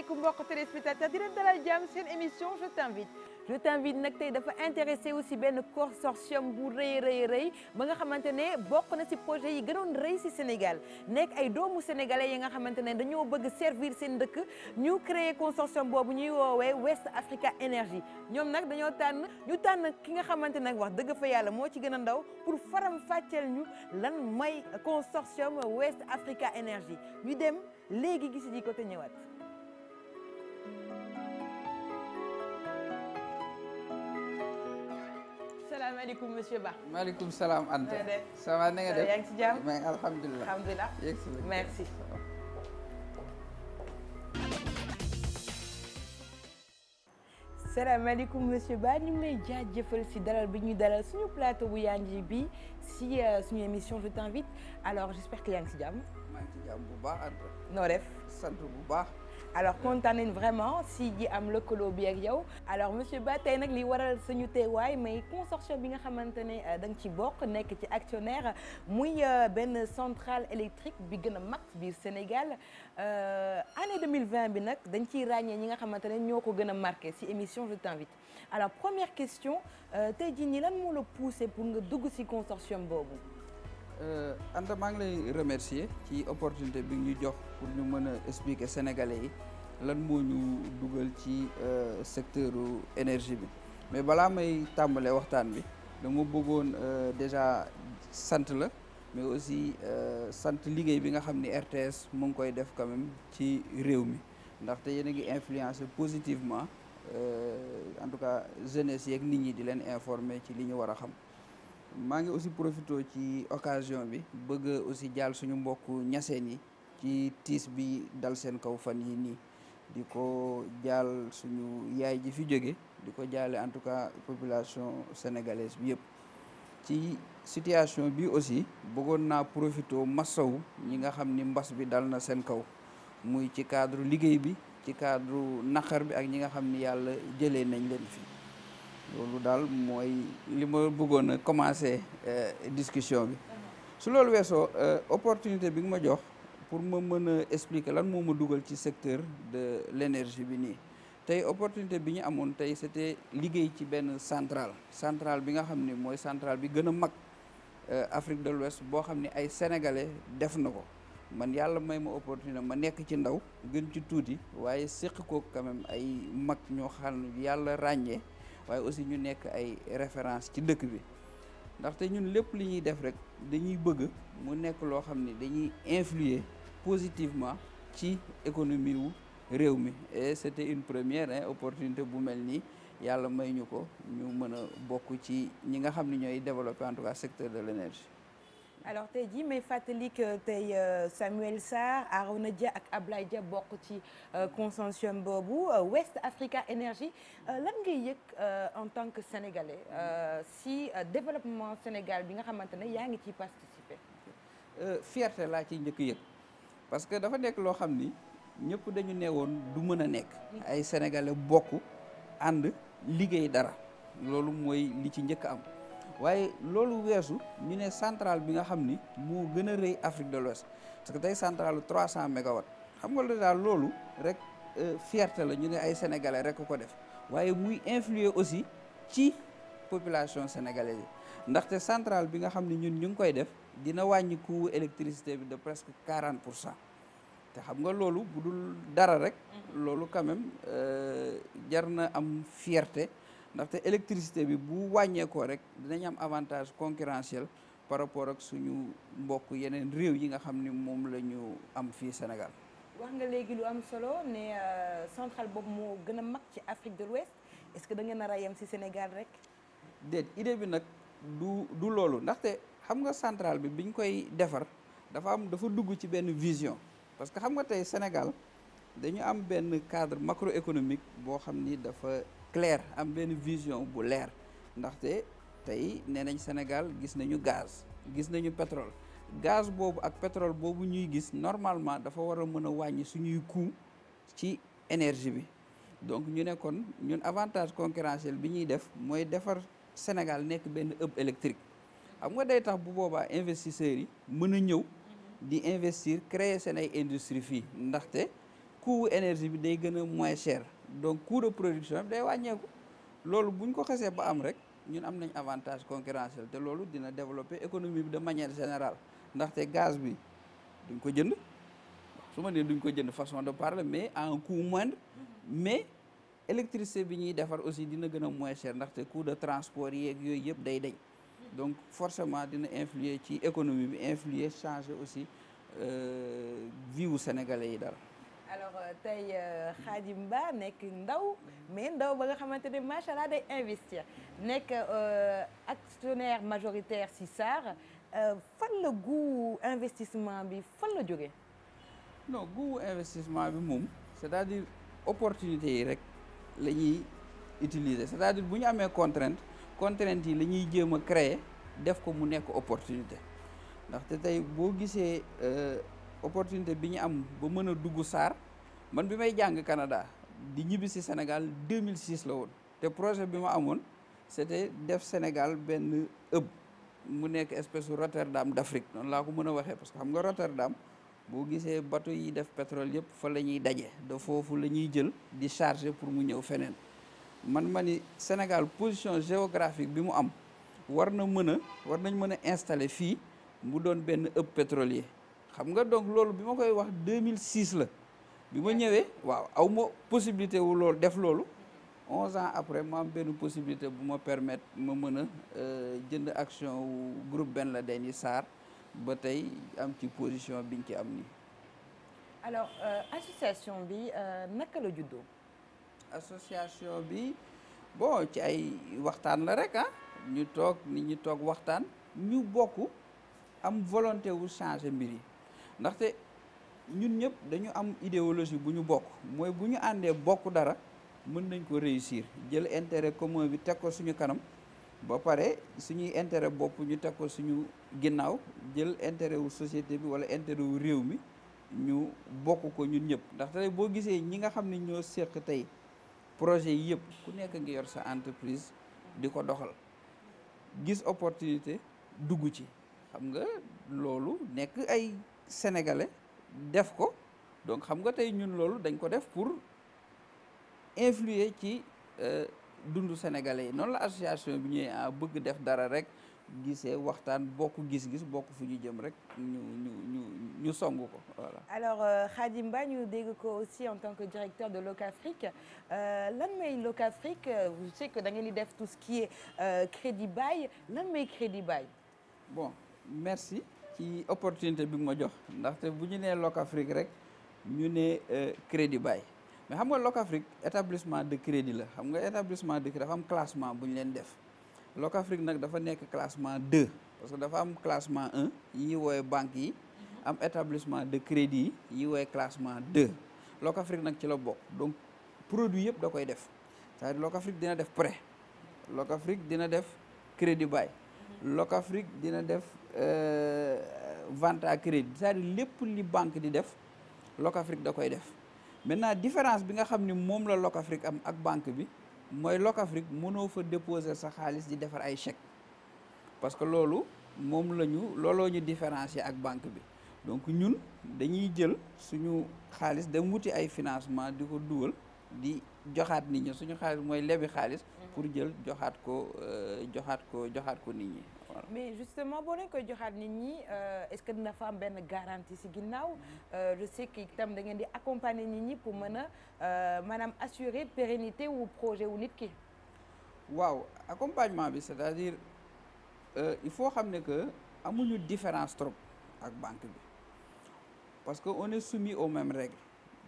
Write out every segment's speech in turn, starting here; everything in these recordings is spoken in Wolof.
asalaamaaleykum mbokk téléspectateur di leen dalal jàmm seen émission je t'invite je t'invite nag tey dafa intéressé si benn consortium bu rëy rëy rëy ba nga xamante ne bokk na ci projet yi gënoon rëy si Sénégal nekk ay doomu sénégalais yi nga xamante ne dañoo bëgg servir seen dëkk ñu créé consortium boobu ñuy woowee West Africa Energy ñoom nag dañoo tànn ñu tànn ki nga xamante nag wax dëgg fa yàlla moo ci gën a ndaw pour faram fàcceel ñu lan may consortium West Africa Energy ñu dem léegi gisi ji ko te ñëwaat salaamaaleykum monsieur Ba. maaleykum salaam Anta. na nga def ça va na nga def yaa ci jàmm. si dalal bi ñuy dalal suñu plateau bu Yanji bi si euh, suñu émission je t'invite alors j'espère que yaa ngi si jàmm. maa ngi bu baax sant bu baax. alors kontaan nañ vraiment si ji am lëkkaloo bi ak yow alors monsieur Ba tey nag li waral suñu teewaay mais consortium bi nga xamante ne euh, da nga ci bokk nekk ci actionnaire muy euh, benn centrale électrique bi gën a mag biir Sénégal euh, année 2020 bi nag dañ ciy ràññee ñi nga xamante ne ñoo ko gën a marqué si émission je t'invite alors première question tey jii nii lan moo la poussé pour nga dugg si consortium boobu Euh, Anta maa ngi lay remercier ci opportunité bi ñu jox pour ñu mën a expliquer sénégalais yi lan moo ñu dugal ci euh, secteur énergie bi mais balaa may tàmbale waxtaan bi dama bëggoon euh, déjà sant la mais aussi sant liggéey bi nga xam ni RTS mu ngi koy def quand ci réew mi ndaxte yéen a ngi influencer positivement en tout cas jeunesse yeeg nit ñi di leen informer ci li ñu war a xam. maa ngi aussi profité ci occasion bi bëgg aussi jaal suñu mbokk ñaseen yi ci tiis bi dal seen kaw fan yi nii di ko jaal suñu yaay ji fi jóge di ko jaale en tout cas population sénégalaise bi yëpp ci situation bi aussi bëggoon naa profité massaw ñi nga xam ni mbas bi dal na seen kaw muy ci cadre liggéey bi ci cadre naqar bi ak ñi nga xam ni yàlla jëlee nañ leen fi loolu daal mooy li ma bëggoon a commencer euh, discussion bi su loolu weesoo euh, opportunité bi nga ma jox pour ma mën a expliquer lan moom ma dugal ci secteur de l'énergie bi nii tey opportunité bi ñu amoon tey te liggéey ci benn central central bi nga xam ni mooy centrale bi gën a mag euh, Afrique de l'Ouest boo xam ni ay sénégalais def na ko man yàlla may ma opportunité ma nekk ci ndaw gën ci tuuti waaye séq ko quand ay mag ñoo xam yàlla ràññee waaye aussi ñu nekk ay référence ci dëkk bi ndaxte ñun lépp li ñuy def rek dañuy bëgg mu nekk loo xam ne dañuy influer positivement ci économie wu réew mi et c'était une première hein, opportunité bu mel nii yàlla may ñu ko ñu mën a bokk ci ñi nga xam ni ñooy développer en secteur de l'énergie alors tey jii may fàttali que tey euh, Samuel Sarr Arona Dia ak Ablaye Dia bokk ci euh, consortium boobu euh, West Africa énergie lan ngay yëg en tant que sénégalais si développement Sénégal bi nga xamante ne yaa ngi ciy participer. fierté laa ci njëkk yëg parce que dafa nekk loo xam ni ñëpp dañu ne woon du mën a nekk. ay sénégalais bokk ànd liggéey dara loolu mooy li ci njëkk am. waaye loolu weesu ñu ne centrale bi nga xam ni mu gën a Afrique de l'Ouest parce que tey centrale lu 300 mégawatts xam nga déjà loolu rek euh, fierté la ñu ne ay sénégalais rek ko def waaye muy influer aussi ci population sénégalaise yi ndaxte centrale bi nga xam ne ñun ñu ngi koy def dina wàññi coût électricité bi de presque quarante pour cent te xam nga loolu bu dul dara rek. Mm-hmm. loolu quand même euh, jar na am fierte ndaxte électricité bi bu wàññeekoo rek dinañ am avantage concurrentiel par rapport ak suñu mbokk yeneen réew yi nga xam ni moom la ñu am fii Sénégal. wax nga léegi lu am solo ne euh, centrale boobu moo gën a mag ci Afrique de l'Ouest est-ce que da ngeen nar a yem ci Sénégal rek. déet idée bi nag du du loolu ndaxte xam nga central bi biñ koy defar dafa am dafa dugg ci benn vision parce que xam nga tey Sénégal dañu am benn cadre macroéconomique boo xam ni dafa. clair am benn vision bu leer ndaxte tey nee nañ Sénégal gis nañu gaz gis nañu pétrole gaz boobu ak pétrole boobu ñuy gis normalement dafa war a mën a wàññi suñuy coût ci énergie bi donc ñu nekkoon ñun avantage concurrentiel bi ñuy def mooy defar Sénégal nekk benn hub électrique am nga day tax bu boobaa investisseurs yi mën a ñëw di investir créer seen ay industrie fii ndaxte coût énergie bi day gën a moins cher donc coût de production day wàññeeku loolu bu ñu ko xesee ba am rek ñun am nañ avantage concurrentiel te loolu dina développer économie bi de manière général ndaxte gaz bi duñ ko jënd su ma nee duñ ko jënd façon de parler mais en un coût moindre mm-hmm. mais électricité bi ñuy defar aussi dina gën a moins cher ndaxte coût de transport yeeg yooyu yëpp day dañ donc forcément dina influer ci économie bi influer changé aussi euh, vie wu sénégalais yi daal alors euh, tey euh, Khadim Ba nekk ndaw mais ndaw ba nga xamante ne macha allah day investir nekk euh, actionnaire majoritaire si SAR fan la goût investissement bi fan la jóge non goût investissement bi moom c'est-à-dire opportunité yi rek la ñuy utiliser c'est-à-dire bu ñu amee contrainte contrainte yi la ñuy jéem a créer def ko mu nekk opportunité ndaxte tey boo gisee. opportunité bi ñu am ba mën a dugg saar man bi may jàng Canada di ñibbi si Sénégal 2006 la woon te projet bi ma amoon c'était def Sénégal benn hub mu nekk espèce su Rotterdam d'Afrique noonu laa ko mën a waxee parce que xam nga Rotterdam boo gisee batu yi def pétrole yëpp fa la ñuy daje de foofu la ñuy jël di charger pour mu ñëw feneen man mani Sénégal position géographique bi mu am war na mën a war nañ mën a installer fii mu doon benn hub pétrolier xam nga donc loolu bi ma koy wax 2006 la bi ma ñëwee waaw aw ma possibilité wu loolu def loolu 11 ans après ma benn possibilité bu ma permettre ma mën a euh, jënd action wu groupe benn Laden yi SAR ba tey am ci position biñ ci am nii. alors euh, association bi euh, naka la juddoo. association bi bo ci ay waxtaan la rek a ah. ñu toog nit ñu toog waxtaan ñu bokk am volonté wu changer mbir ndaxte ñun ñëpp dañu am idéologie bu ñu bokk mooy bu ñu àndee bokk dara mën nañ ko réussir jël intéret commun bi teg ko suñu kanam ba pare suñuy intérêt bopp ñu teg ko suñu ginnaaw jël intérêt wu société bi wala intérêt wu réew mi ñu bokk ko ñun ñëpp ndax tey boo gisee ñi nga xam ne ñoo séq tey projet yi yëpp ku nekk ngi yor sa entreprise di ko doxal gis opportunité dugg ci xam nga loolu nekk ay sénégalais def ko donc xam nga tey ñun loolu dañ ko def pour influer ci euh, dundu sénégalais yi noonu la association bi ñëwee ah bëgg def dara rek gise waxtaan bokk gis-gis bokk fu ñu jëm rek ñu ñu ñu ñu song ko voilà. alors euh, Khadim Ba ñu dégg ko aussi en tant que directeur de Locafrique euh, lan mooy Locafrique je sais que da ngeen di def tout ce qui est crédit bail lan mooy crédit bail. bon merci. ci opportunité bi nga ma jox ndaxte bu ñu ne nee Locafrique rek ñu ne euh, crédit bail mais xam nga Locafrique établissement de crédit la xam nga établissement de crédit dafa am classement bu ñu leen def Locafrique nag dafa nekk classement 2 parce que dafa am classement 1 yi woowe banque yi am établissement de crédit yi woowe classement 2 Locafrique nag ci la bokk donc produit yëpp da koy def c'est-à-dire Locafrique dina def prêt afrique dina def crédit bail Locafrique dina def Euh, vente à crédit cest à lépp li banque di def Locafrique da koy def maintenant différence bi nga xam ni moom la Locafrique am ak banque bi mooy Locafrique mënoo fa déposé sa xaalis di defar ay chèques parce que loolu moom la ñu looloo ñu yi ak banque bi donc ñun dañuy jël suñu xaalis dem wuti ay financement di ko dugal di joxaat nit ñi suñu xaalis mooy lebi xaalis pour jël joxaat ko euh, joxaat ko joxaat ko nit ñi mais justement boo leen koy joxaat nit ñi euh, est-ce que dina fa am benn garantie ci ginnaaw mm-hmm. euh, je tam que da ngeen di accompagner nit ñi pour mën a euh, maanaam assurer pérennité wu projet wu nit ki waaw accompagnement bi c'est-à-dire il faut xam ne que amuñu différence trop ak banque bi parce que on est soumis aux mêmes règles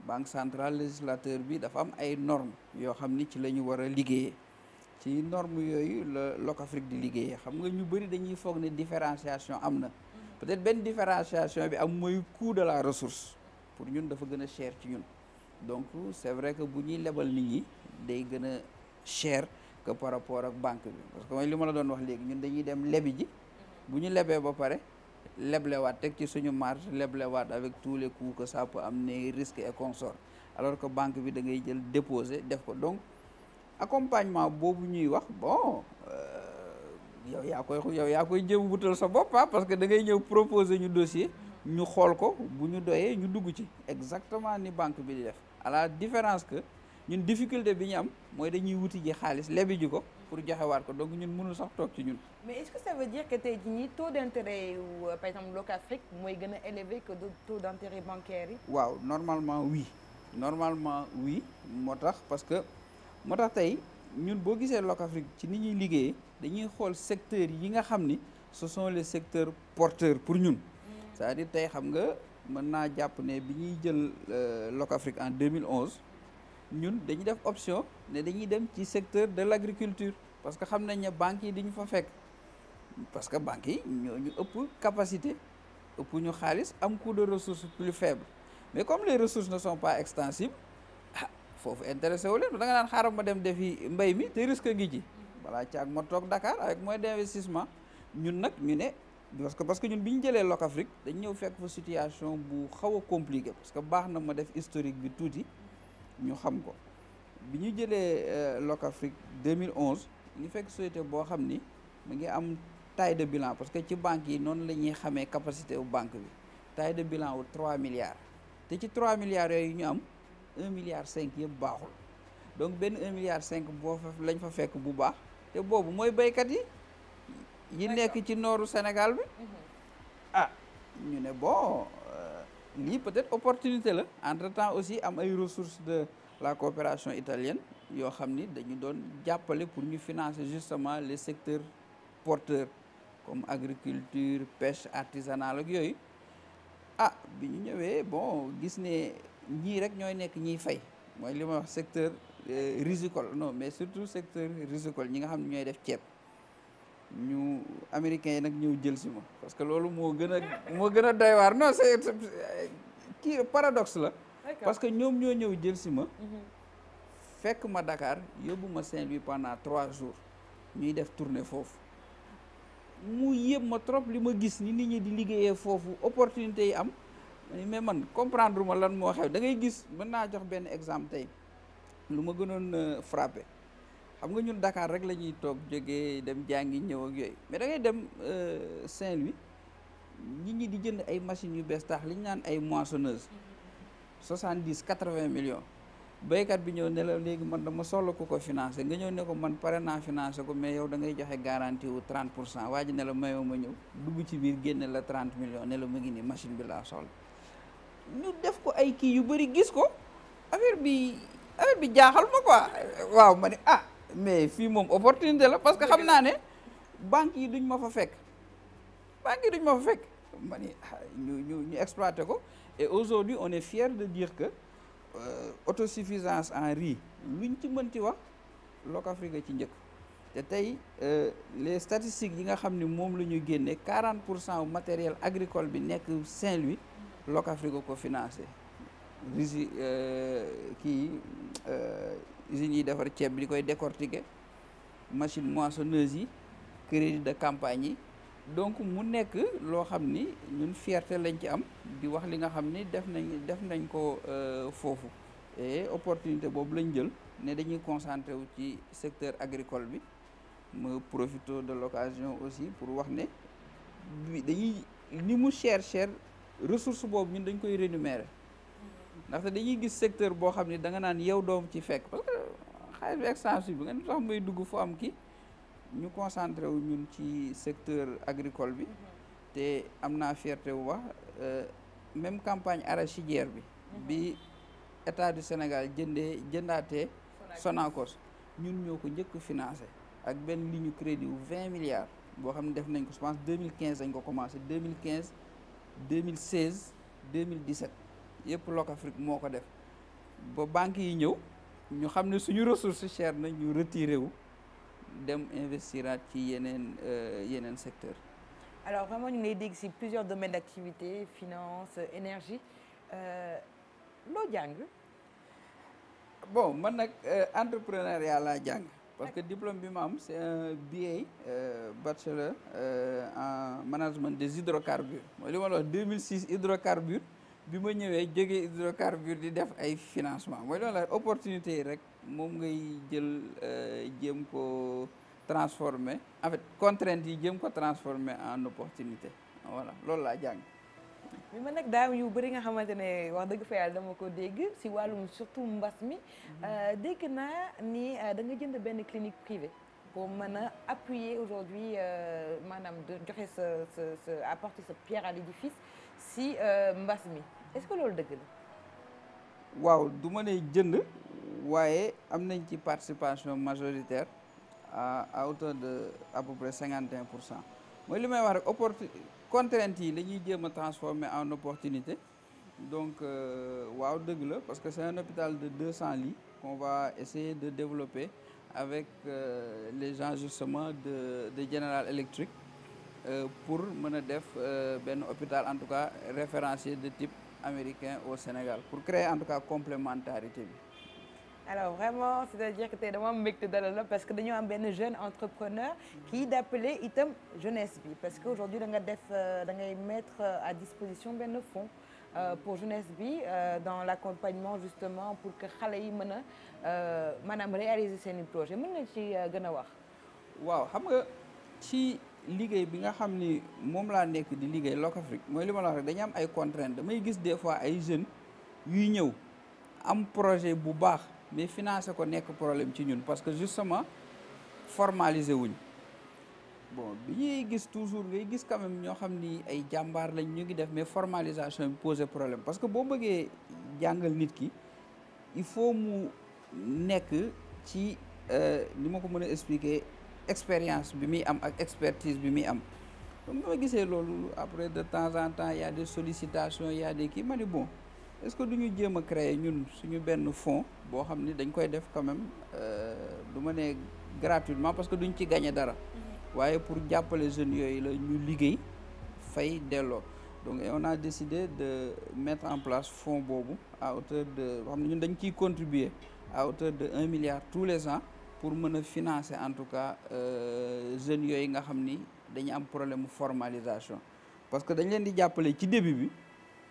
banque centrale législateur bi dafa am ay normes yoo xam ni ci la ñu war a liggéeyee ci norme yooyu la Locafrique di liggéeyee xam nga ñu bëri dañuy foog ne différenciation am na peut-être benn différenciation bi am mooy coût de la ressource pour ñun dafa gën a ci ñun donc c'est vrai que bu ñuy lebal nit ñi day gën a cher que par rapport ak banque bi parce que mooy li ma la doon wax léegi ñun dañuy dem lebi ji bu ñu lebee ba pare leblewaat teg ci suñu marge leblewaat avec tous les coûts que ça am amener risques et consorts alors que banque bi da jël déposer def ko donc accompagnement boobu ñuy wax bon euh, yow yaa koy yow yaa koy jéem wutal sa bopp ah, parce que da ngay ñëw proposer ñu dossier ñu xool ko bu ñu doyee ñu dugg ci exactement ni banque bi di def à la différence que ñun difficulté bi ñu am mooy dañuy wuti ji xaalis lebi ji ko pour joxewaat ko donc ñun mënul sax toog ci ñun. mais est-ce que ça veut dire que tey jii nii taux d'intérêt euh, par exemple Locafrique mooy gën a élevé que taux d'intérêt bancaire yi. waaw normalement oui normalement moo tax tey ñun boo gisee Locafrique ci ni ñuy liggéeyee dañuy xool secteurs yi nga xam ni ce sont les secteurs porteurs pour ñun mm. c'est-à-dire tey xam nga mën naa jàpp ne bi ñuy jël euh, Locafrique en 2011 ñun dañu def option ne dañuy dem ci secteur de l'agriculture parce que xam nañ ne banques yi di ñu fa fekk parce que banques yi ñoo ñu ëpp capacité ëpp ñu xaalis am coût de ressources plus faible mais comme les ressources ne sont pas extensibles foofu intéressé wu leen da nga naan xaaral ma dem defi mbay mi te risque ngi ji balaa caag ma toog Dakar avec moyen d'investissement ñun nag ñu ne parce que parce que ñun bi ñu jëlee Locafrique dañ ñëw fekk fa situation bu xaw a compliqué parce que baax na ma def historique bi tuuti ñu xam ko bi ñu jëlee euh, deux mille 2011 ñu fekk société boo xam ni mu ngi am taille de bilan parce que ci banque yi noonu la ñuy xamee capacité wu banque bi taille de bilan wu 3 milliards te ci 3 milliards yooyu ñu am un milliard cinq yëpp baaxul donc benn un milliard cinq boo fa lañ fa fekk bu baax te boobu mooy béykat yi yi nekk ci nooru Sénégal bi mm-hmm. ah ñu ne bon euh, lii peut-être opportunité la entre-temps aussi am ay ressources de la coopération italienne yoo xam ni dañu doon jàppale pour ñu financer justement les secteurs porteur comme agriculture pêche artisanale ak yooyu ah bi ñu ñëwee bon gis ne ñii rek ñooy nekk ñiy fay mooy li ma wax secteur euh, risicole no mais surtout secteur risicole ñi nga xam ne ñooy def ceeb ñu américains yi nag ñëw jël si ma parce que loolu moo gën a moo gën a doy waar non c'est la parce que ñoom ñoo ñëw jël si ma mhm. fekk ma dakaar yóbbu ma Saint-Louis pendant trois jours ñuy def tournée foofu mu yëpp ma trop li ma gis ni nit ñi di liggéeyee foofu opportunité yi am mais man comprendre ma lan moo xew da ngay gis mën naa jox benn exemple tey lu ma gënoon euh, frappé xam nga ñun dakaar rek la ñuy toog jógee dem jàngi ñëw ak yooyu mais da ngay dem euh, Saint-Louis nit ñi di jënd ay machines yu bees tax li ñu naan ay moissonneuse soixante-dix quatre-vingts millions béykat bi ñëw ne la léegi man dama soxla ku ko financé nga ñëw ne ko man pare naa financé ko mais yow da ngay joxe garantie wu 30 pour cent waa ji ne la mayoo ma ñëw dugg ci biir génne la 30 millions ne la mu machine bi laa ñu def ko ay kii yu bëri gis ko affaire bi affaire bi jaaxal ma quoi waaw ma ne ah mais fii moom opportunité la parce que xam naa ne banque yi duñ ma fa fekk banque yi duñ ma fa fekk ma ni ah, ñu ñu exploité ko et aujourd'hui on est fier de dire que euh, autosuffisance en riz luñ ci mënti wax Locafrique ci njëkk te tey euh, les statistiques yi nga xam ne moom la ñu génne quarante pour cent matériel agricole bi nekk Saint-Louis Locafrique ko financé risi euh, kii euh, usines yi defar ceeb bi di koy décortiquer machine moissonneuse yi crédit de campagne yi donc mu nekk loo xam ni ñun fierté lañ ci am di wax li nga xam ni def nañ def nañ ko euh, foofu e opportunité boobu lañ jël ne dañuy concentré wu ci secteur agricole bi ma profito de l'occasion aussi pour wax ne dañuy ni mu cher cher ressource boobu ñun dañ koy rémunérer ndaxte dañuy gis secteur boo xam ne danga naan yow doom ci fekk parce que xaalis bi extensible bi nga tax may dugg foo am kii ñu concentré wu ñun ci secteur agricole bi te am naa fierté bu baax euh, même campagne arachidière bi bi état du Sénégal jëndee jëndaatee Sonacos ñun ñoo ko njëkk financé ak benn ligne crédit wu vingt milliards boo xam ne def nañ ko je pense deux mille quinze ko commencé deux mille quinze 2016 2017 yëpp Locafrique moo ko def ba banques yi ñëw ñu xam ne suñu ressource chère na ñu retiré wu dem investiraat ci yeneen euh, yeneen secteur alors vraiment ñu ngi lay dégg si plusieurs domaines d'activité finance énergie euh, loo jàng bon man nag euh, entrepreneuriat la jàng parce que diplôme bi ma am c'est un BA euh, bachelor euh, en management des hydrocarbures mooy li ma la wax 2006 hydrocarbures bi ma ñëwee jógee hydrocarbures di def ay financement mooy loolu la opportunité yi rek moom ngay jël euh, jéem ko transformer en fait contrainte yi jëm ko transformer en opportunité wala loolu laa jàng mais man nag daa yu bëri nga xamante ne wax dëgg fa yàlla dama ko dégg si wàllum surtout mbas mi mhm. euh, dégg naa ni euh, da jënd benn clinique privée pour mën a appuyer aujourd'hui euh, maanaam de joxe sa sa sa apporter sa pierre à l'édifice si mbas mi est-ce que loolu dëgg la waaw du ma ne jënd waaye am nañ ci participation majoritaire à hauteur de à peu près cinquante pour cent mooy li wax rek contraintes yi la jéem a transformer en opportunité donc euh, waaw dëgg la parce que c'est un hôpital de 200 lits qu'on va essayer de développer avec euh, les gens justement de de General Electric euh, pour mën a def benn hôpital en tout cas référencié de type américain au Sénégal pour créer en tout cas complémentarité bi. alors vraiment c'est-à-dire que tey dama la parce que dañoo am benn jeune entrepreneur kii d'appeler itam jeunesse bi parce que aujourd'hui da nga def euh, da ngay mettre euh, à disposition benn fond euh, pour jeunesse bi dans l'accompagnement justement pour que xale yi mën a maanaam réaliser seen i projet mën nga gën a wax waaw xam nga ci liggéey bi nga xam ni moom laa nekk di liggéey Locafrique mooy li ma la rek dañu am ay contraintes damay gis des fois ay jeunes yuy ñëw am projet bu baax mais financer ko nekk problème ci ñun parce que justement formaliser wuñ bon bi ñuy gis toujours ngay gis quand ñoo xam ni ay jàmbaar lañ ñu ngi def mais formalisation bi problème parce que boo bëggee jàngal nit ki il faut mu nekk ci li euh, ma ko mën expliquer expérience bi muy am ak expertise bi muy am donc ma gisee loolu après de temps en temps y a des sollicitations y a kii ma ni bon est-ce que du ñu jéem a créer ñun suñu benn fonds boo xam ni dañ koy def quand même euh, du ma ne gratuitement parce que duñ ci gagné dara mm-hmm. waaye pour jàppale jeunes yooyu la ñu liggéey fay delloo donc on a décidé de mettre en place fonds boobu à hauteur de xam ne ñun dañ ciy contribuer à hauteur de un milliard tous les ans pour mën a financer en tout cas euh, jeunes yooyu nga xam ni dañu am problème formalisation parce que dañ leen di jàppale ci début bi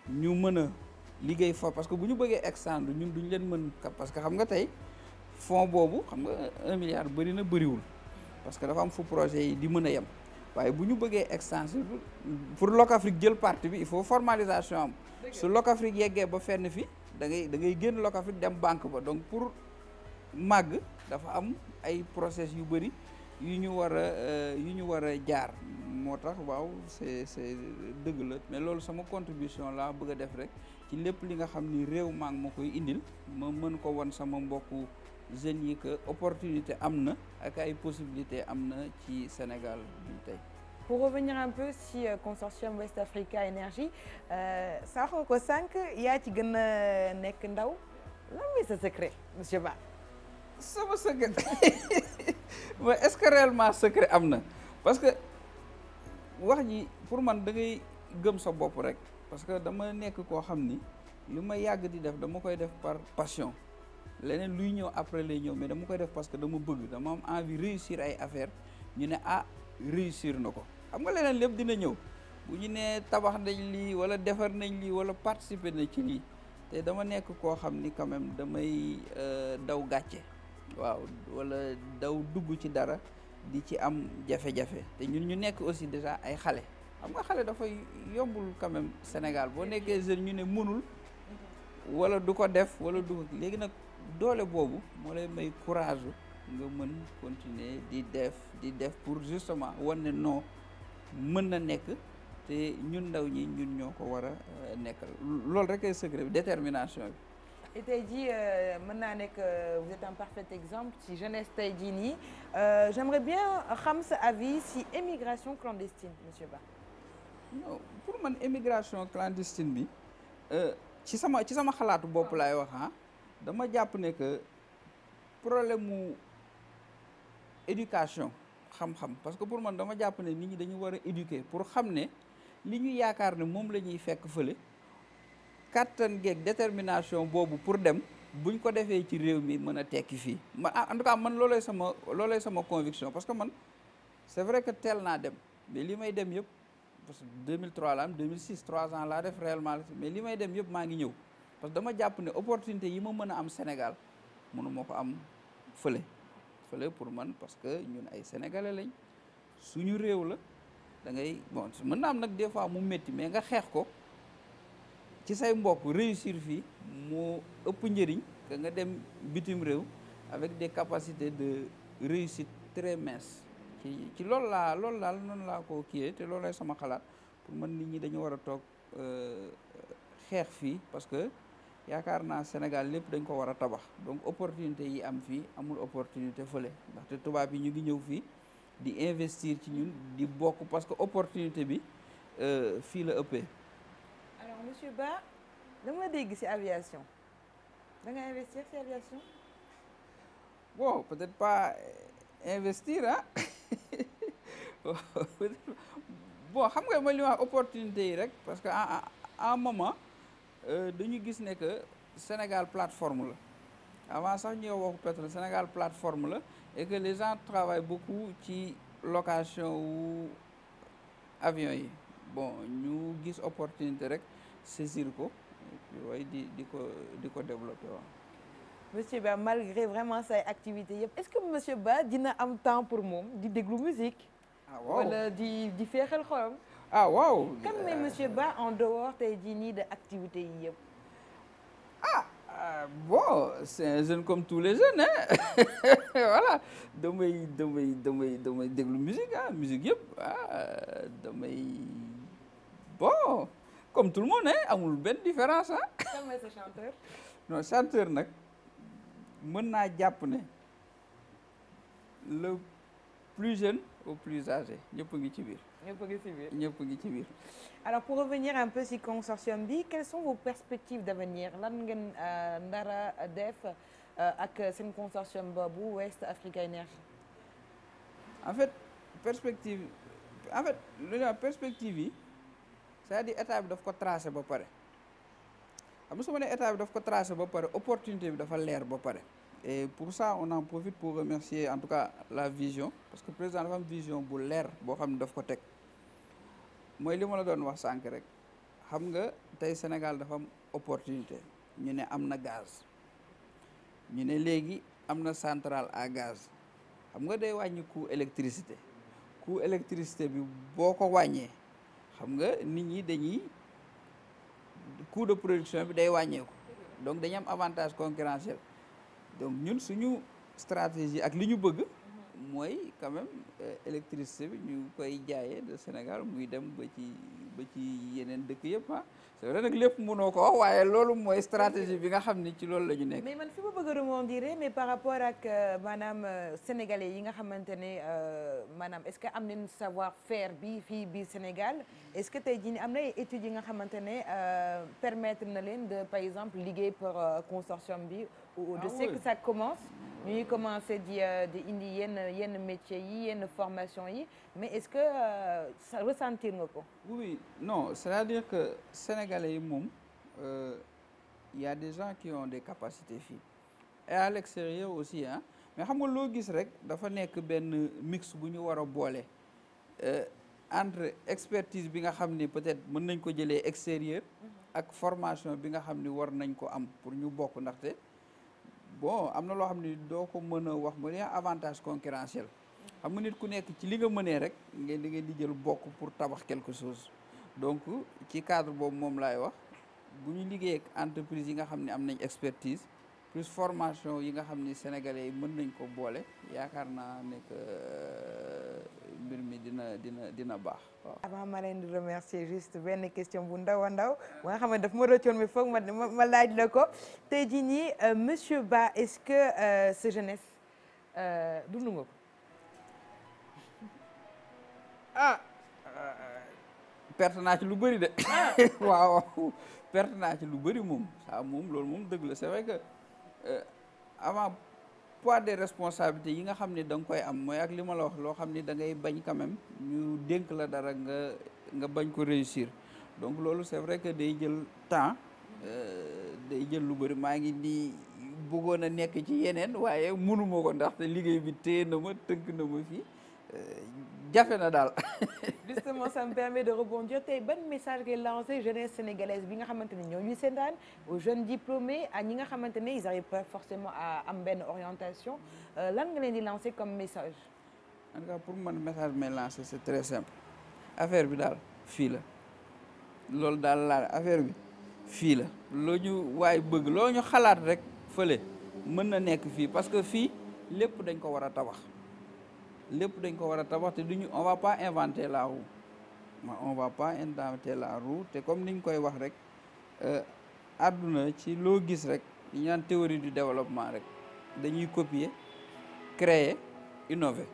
ñu mën a liggéey fa parce que bu ñu bëggee ñun duñ leen mën parce que xam nga tey fonds boobu xam nga un bëri na bëriwul parce que dafa am fu projet di mën a yem waaye bu ñu bëggee extension pour Locafrique jël parti bi il formalisation am su Locafrique yeggee ba fenn fi dangay ngay da ngay génn Locafrique dem banque ba donc pour màgg dafa am ay process yu bëri yu ñu war a euh, yu ñu war a jaar moo tax waaw c'est c'est dëgg la mais loolu sama contribution laa bëgg a def rek ci lépp li nga xam ni réew maa ngi ma koy indil ma mën ko won sama mbokk jeunes yi que opportunité am na ak ay possibilité am na ci Sénégal bi tey pour revenir un peu si consortium West Africa Énergie euh, sax ko sànq yaa ci gën a nekk ndaw lan mooy sa secret monsieur Ba sama secret mais est-ce que réellement secret am na parce que wax ji pour man da ngay gëm sa bopp rek parce que dama nekk koo xam ni li ma yàgg di def dama koy def par passion leneen luy ñëw après lay ñëw mais dama koy def parce que dama bëgg dama am envie réussir ay affaire ñu ne ah réussir na ko xam nga leneen lépp dina ñëw bu ñu nee tabax nañ lii wala defar nañ lii wala participer na ci lii te dama nekk koo xam ni quand même damay euh, daw gàcce waaw wala daw dugg ci dara di ci am jafe-jafe te ñu ñu nekk aussi déjà ay xale xam nga xale dafay yombul quand Sénégal boo nekkee jeune ñu ne mënul wala du ko def wala du ko léegi nag doole boobu moo lay may courage nga mën continuer di def di def pour justement wan ne non mën na nekk te ñun ndaw ñi ñun ñoo ko war a euh, nekkal loolu rek ay bi détermination bi. et tey jii euh, mën naa nekk euh, vous êtes un parfait exemple ci jeunesse tey jii nii j'aimerais bien xam sa avis si émigration clandestine monsieur Ba. pour man émigration clandestine bi euh, ci sama ci sama xalaatu bopp laay wax ah dama jàpp ne que problème mu éducation xam-xam parce que pour man dama jàpp ne nit ñi dañu war a éduquer pour xam ne li ñu yaakaar ne moom la ñuy fekk fële kàttan geeg détermination boobu pour dem buñ ko defee ci réew mi mën a tekki fii man ah, en tout cas man loolay sama loolay sama conviction parce que man c'est vrai que teel naa dem mais li may dem yëpp. parce que 2003 la am 2006 3 ans laa def réellement mais li may dem yëpp maa ngi ñëw parce que dama jàpp ne opportunité yi ma mën a am Sénégal mënu ma ko am fële fële pour man parce que ñun ay sénégalais lañ suñu réew la da ngay bon mën naa am nag des fois mu métti mais nga xeex ko ci say mbokk réussir fii moo ëpp njëriñ que nga dem bitim réew avec des capacités de réussite très minces ci ci loolu laa loolu daal noonu laa ko kiiyee te loolu lay sama xalaat pour man nit ñi dañu war a toog euh, xeex fii parce que yaakaar naa Sénégal lépp dañ ko war a tabax donc opportunité yi am fii amul opportunité fële ndaxte tubaab yi ñu ngi ñëw fii di investir ci ñun di bokk parce que opportunité bi euh, fii la ëppee. alors monsieur Ba dama dégg ci aviation da nga investir ci aviation. bon peut pas euh, investir ah. bon xam nga ma li opportunité yi rek parce que en en moment euh, dañu gis ne que Sénégal plateforme la avant sax ñoo waxu pétrole Sénégal plateforme la et que les gens travaillent beaucoup ci location wu avion yi bon ñu gis opportunité rek saisir ko way di di ko di ko développer waaw monsieur Ba malgré vraiment say activité yëpp est-ce que monsieur Ba dina am temps pour moom di déglu musique ah waaw wala di di féexal xolam. ah waaw. kan mooy euh, monsieur Ba en dehors tey jii nii de activité yi yëpp. ah euh, bon c'est un jeune comme tous les jeunes hein voilà damay damay damay damay déglu musique ah musique yëpp ah euh, damay bon comme tout le monde hein amul benn différence ah. kan mooy ce chanteur. non chanteur nag. mën naa jàpp ne le plus jeune au plus âgé ñëpp ngi ci biir. ñëpp ngi ci biir ngi ci biir. alors pour revenir un peu si consortium bi quelles sont vos perspectives d'avenir lan ngeen euh, ndara def euh, ak seen consortium boobu West Africa Energy. en fait perspective en fait lu ñu perspective yi c'est-à-dire état daf ko tracé ba pare. xam nga su ma ne état bi daf ko tracé ba pare opportunité bi dafa leer ba pare et pour ça on en profite en tout cas la vision parce que président am vision bu leer boo xam ne ko teg mooy li ma doon wax sànq rek xam nga tey Sénégal dafa opportunité ñu ne am na gaz ñu ne léegi am na centrale à gaz xam nga day wàññi coût électricité ku électricité bi boo ko wàññee xam nga nit ñi dañuy coût de production bi day wàññeeku donc dañu am avantage concurrentiel donc ñun suñu stratégie ak li ñu bëgg mooy quand même euh, électricité ñu koy jaayee de Sénégal muy dem ba ci ba ci yeneen dëkk yëpp ah c'est vrai nag lépp mënoo ko loolu mooy stratégie bi nga xam ni ci loolu la ñu mais man fi ma bëgg a rebondir mais par rapport ak euh, maanaam euh, sénégalais yi nga xamante ne euh, maanaam est-ce que am nañu savoir-faire bi fii biir Sénégal est-ce que tey jii am na ay études nga xamante ne permettre na leen de par exemple liggéey pour consortium bi. ou ah je sais que ça commence. ñuy commencé di di indi yenn yenn métiers yi yenn formation yi mais est-ce que ça ressentir nga ko. oui c'est-à-dire que Sénégal. sénégalais yi moom euh, y a des gens qui ont des capacité fii et à l'extérieur aussi ah mais xam nga loo gis rek dafa nekk benn mix bu ñu war a boole euh, entre expertise bi nga xam ni peut-être mën nañ ko jële extérieur mhm. ak formation bi nga xam ni war nañ ko am pour ñu bokk ndaxte bon am na loo xam ni doo ko mën a wax mu ne avantage concurrentiel mhm. xam nga nit ku nekk ci li nga mënee rek ngeen di ngeen di jël bokk pour tabax quelque chose donc ci cadre boobu moom laay wax bu ñu liggéey entreprise yi nga xam ne am nañ expertise plus formation yi nga xam ni sénégalais yi mën nañ ko boole yaakaar naa ne que euh, mbir mi dina dina dina baax waaw. avant ma leen di remercier juste benn question bu ndaw a ndaw ba nga xam ne daf ma rëccoon mi foog ma ma laaj la ko te jii nii euh, monsieur Ba est-ce que euh, sa jeunesse dund nga perte naa ci lu bëri de ah. waaw perte naa ci lu bëri moom ça moom loolu moom dëgg la c'est vrai que euh, avant poids des responsabilités yi nga xam ne da nga koy am mooy ak li ma la wax loo xam ni da ngay bañ quand même ñu dénk la dara nga nga bañ ko réussir donc loolu c'est vrai que day jël temps euh, day jël lu bëri maa ngi nii buggoon a nekk ci yeneen waaye mënuma ko ndaxte liggéey bi téye na ma tënk na ma fii euh, jafe na daal. justement ça me permet de rebondir tey ban message ngay lancé jeunesse sénégalaise bi nga xamante ne ñoo ñuy seetaan aux jeunes diplômés à ñi nga xamante ne ils arrivent pas forcément à am benn orientation euh, lan nga leen di lancé comme message. en tout pour man message may lancé c'est très simple affaire bi daal fii la loolu daal laa affaire bi fii la loo ñu waaye bëgg loo ñu xalaat rek fële mën na nekk fii parce que fii lépp dañ ko war a tabax. lépp dañ ko war a tabax te duñu on va pas inventer la ma on va pas inventer la roue te comme niñ koy wax rek euh, àdduna ci loo gis rek ñu théorie du développement rek dañuy copier créer innover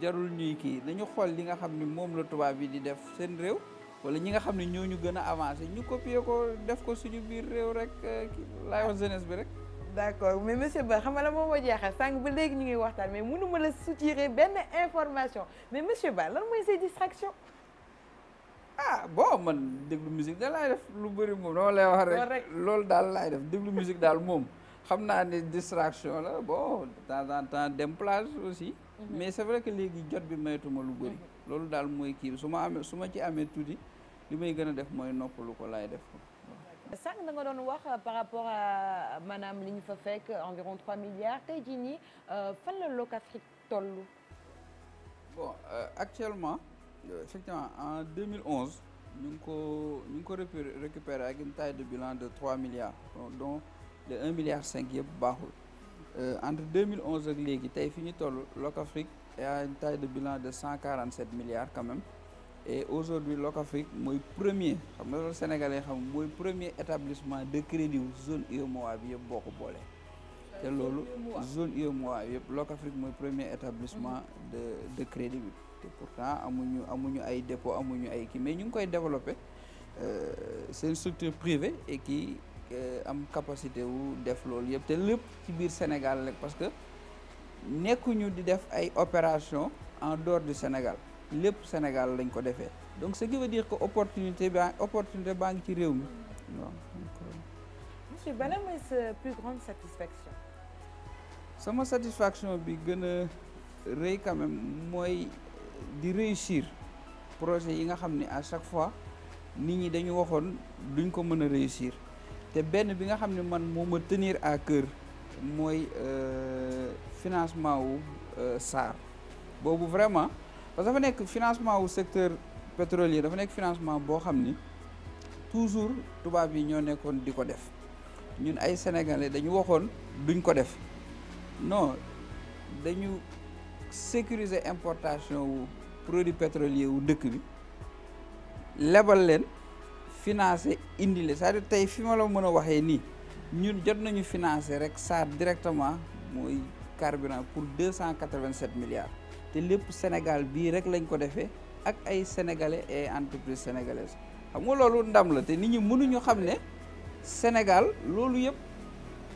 jarul ñuy kii dañu xool li nga xam ne moom la tubaab bi di def seen réew wala ñi nga xam ne ñoo ñu gën a avancé ñu copier ko def ko suñu biir réew rek euh, laay wax jeunesse bi rek. d'accord mais monsieur Ba xam nga la moom moo jeexal sànq ba léegi ñu ngi waxtaan mais mënu ma la soutirer benn information mais monsieur Ba lan mooy say distraction. ah bon man déglu musique lu bëri moom dama lay wax rek loolu daal lay def déglu musique daal moom xam naa ne distraction la bon de temps en temps dem plage aussi. Mhm. mais c'est vrai que léegi jot bi maytuma lu bëri. Mhm. loolu daal mooy kii su ma amee su ma ci amee tuuti li may gën a def mooy noppalu ko laay def sànq da nga doon wax euh, par rapport à maanaam li ñu fa fekk euh, environ 3 milliards tey jii nii euh, fan la Locafrique toll. bon euh, actuellement effectivement en 2011 ñu ngi ko ñu ngi ko ak une taille de bilan de 3 milliards dont de 1 milliard 5 yëpp baaxul entre 2011 ak léegi tey fi ñu toll Locafrique y a une taille de bilan de 147 milliards quand même. et aujourd'hui Locafrique mooy premier xam nga loolu sénégalais xam mooy premier établissement de crédit wu zone UEMOA bi yëpp boo ko boole te loolu zone UEMOA yëpp Locafrique mooy premier établissement de de crédit bi te pourtant amuñu amuñu ay dépôt ñu ay kii mais ñu ngi koy développé euh, c'est une structure privée et qui euh, am capacité wu def loolu yëpp te lépp ci biir Sénégal rek parce que nekkuñu di def ay opération en dehors du Sénégal lépp Sénégal lañ ko defee donc ce qui veut dire opportunité ba opportunité baa ngi ci réew mi waaw. Euh, monsieur Bala mooy sama satisfaction bi gën a rëy quand mooy di réussir projet yi nga xam ni à chaque fois nit ñi dañu waxoon duñ ko mën a réussir te benn bi nga xam ne man moom ma tenir à cœur mooy euh, financement wu euh, SAR boobu vraiment. parce que dafa nekk financement wu secteur pétrolier dafa nekk financement boo xam ni toujours tubaab yi ñoo nekkoon di ko def ñun ay sénégalais dañu waxoon duñ ko def non dañu sécuriser importation wu produit pétrolier wu dëkk bi lebal leen financer indi le cest à tey fi ma la mën a waxee nii ñun jot nañu financer rek ça directement mooy carburant pour deux cent quatre-vingt-sept milliards te lépp Sénégal bii rek lañ ko defee ak ay sénégalais et entreprise sénégalaise xam nga loolu ndam la te nit ñi mënuñu xam ne Sénégal loolu yëpp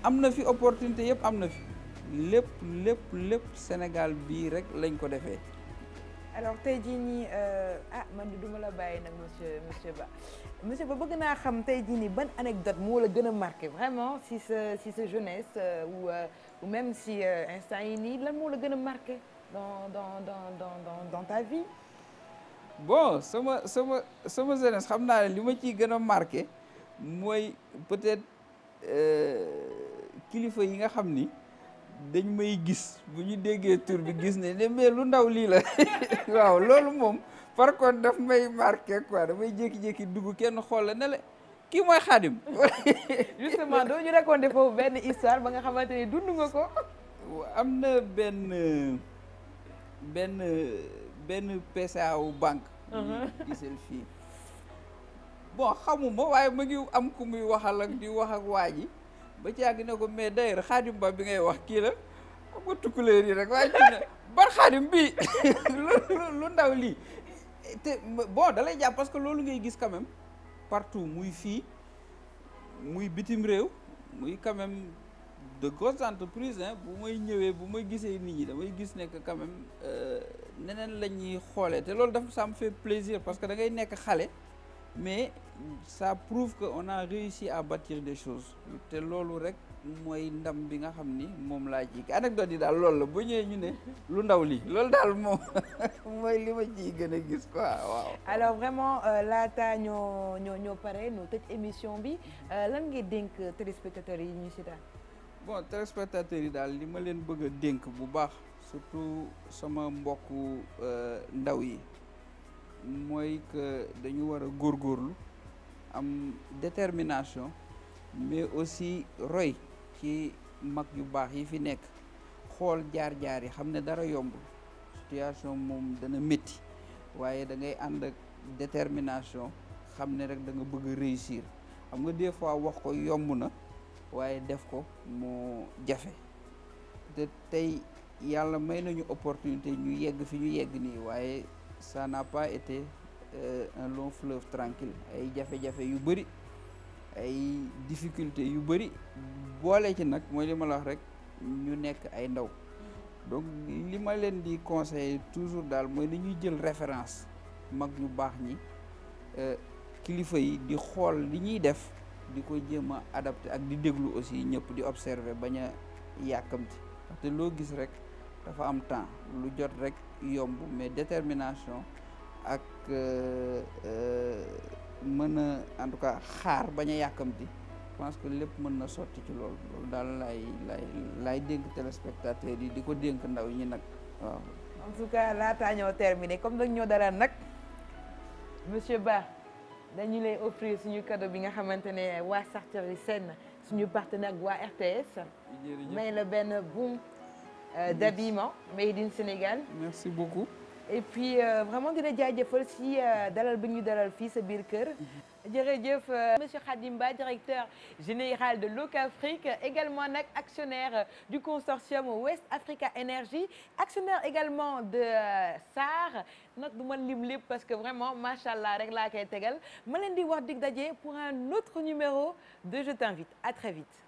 am na fi opportunité yëpp am na fi lépp lépp lépp Sénégal bii rek lañ ko defee. alors tey jii nii euh, ah man di duma la bàyyi nag monsieur monsieur Ba monsieur Ba bëgg naa xam tey jii nii ban anecdote moo la gën a marqué vraiment si sa si sa jeunesse euh, ou euh, ou même si instant yi nii lan moo la gën a marqué. dans dans dans dans dans ta vie. bon sama sama sama jeunesse xam naa ne li ma ci gën a marqué mooy peut-être euh, kilifa yi nga xam ni dañ may gis bu ñu déggee tur bi gis ne ne mais lu ndaw lii la waaw loolu moom par contre daf may marqué quoi damay jékki-jékki dugg kenn xool la ne la kii mooy xaadim. justement doo ñu raconté foofu benn histoire ba nga xamante ne dund nga ko. am na benn. benn benn PCA wu banque. Uh-huh. gisal fii bon xamuma waaye mu ngi am ku muy waxal ak di wax ak waa ji ba ci àgg ne ko mais d'ailleurs xaadim ba bi ngay wax kii la xam nga tukkuleer yi rek waaye ci ban xaadim bii lu ndaw lii te bon dalay lay jàpp parce que loolu ngay gis quand partout muy fii muy bitim réew muy quand de grosses entreprises hein bu may ñëwee bu ma gisee nit ñi damay gis nekk quand même euh, neneen la ñuy xoolee te loolu dafa ça me fait plaisir parce que dangay ngay nekk xale mais sa prouve que on a réussi à bâtir des choses te loolu rek mooy ndam bi nga xam ni moom laa ji anecdote yi daal loolu la bu ñëwee ñu ne lu ndaw li loolu daal moom mooy li ma ciy gën a gis quoi waaw. alors vraiment euh, laata ñoo ñoo ñoo pare noo tëj émission bi euh, lan ngay dénk téléspectateurs yi ñu si daal. bon téléspectateurs yi daal li ma leen bëgg a dénk bu baax surtout sama mbokku euh, ndaw yi mooy que dañu war a góorlu am détermination mais aussi roy ci mag yu baax yi fi nekk xool jaar-jaar yi xam ne dara yomb situation moom dana métti waaye da ngay ànd ak détermination xam ne rek da nga bëgg réussir xam nga des fois wax ko yomb na waaye def ko mu jafe te tey yàlla may nañu opportunité ñu yegg fi ñu yegg nii waaye sa n'a pas été euh, un long fleuve tranquille ay jafe-jafe yu bëri ay difficulté yu bëri boole ci nag mooy li ma la rek ñu nekk ay ndaw donc li ma leen di conseiller toujours daal mooy na ñuy jël référence mag ñu baax ñi euh, kilifa yi di xool li ñuy def di ko jéem a adapté ak di déglu aussi ñëpp di observer bañ yàkkamti parce que loo gis rek dafa am temps lu jot rek yomb mais détermination ak euh, euh, mën a en tout cas xaar bañ a yàkkamti que lépp mën na sotti ci lool loolu daal laay laay laay dénk téléspectateurs yi di ko dénk ndaw ñi nag waaw en tout cas laataa ñoo terminé comme nag ñoo dara nag monsieur Ba dañu lay offrir suñu cadeau bi nga xamante ne waa Sartori Sen suñu partenaire waa RTS. may la benn boum euh, d'habillement made in Sénégal. merci beaucoup. et puis euh, vraiment dina jaajëfal si euh, dalal bi ñu dalal fii sa biir kër. Mhm. jërëjëf euh, monsieur Khadim Ba directeur général de Locafrique également nag actionnaire euh, du consortium West Africa énergie actionnaire également de euh, SAR nag du ma lim lépp parce que vraiment macha allah rek laa koy tegal ma leen di wax dig daje pour un autre numéro de Je t'invite à très vite.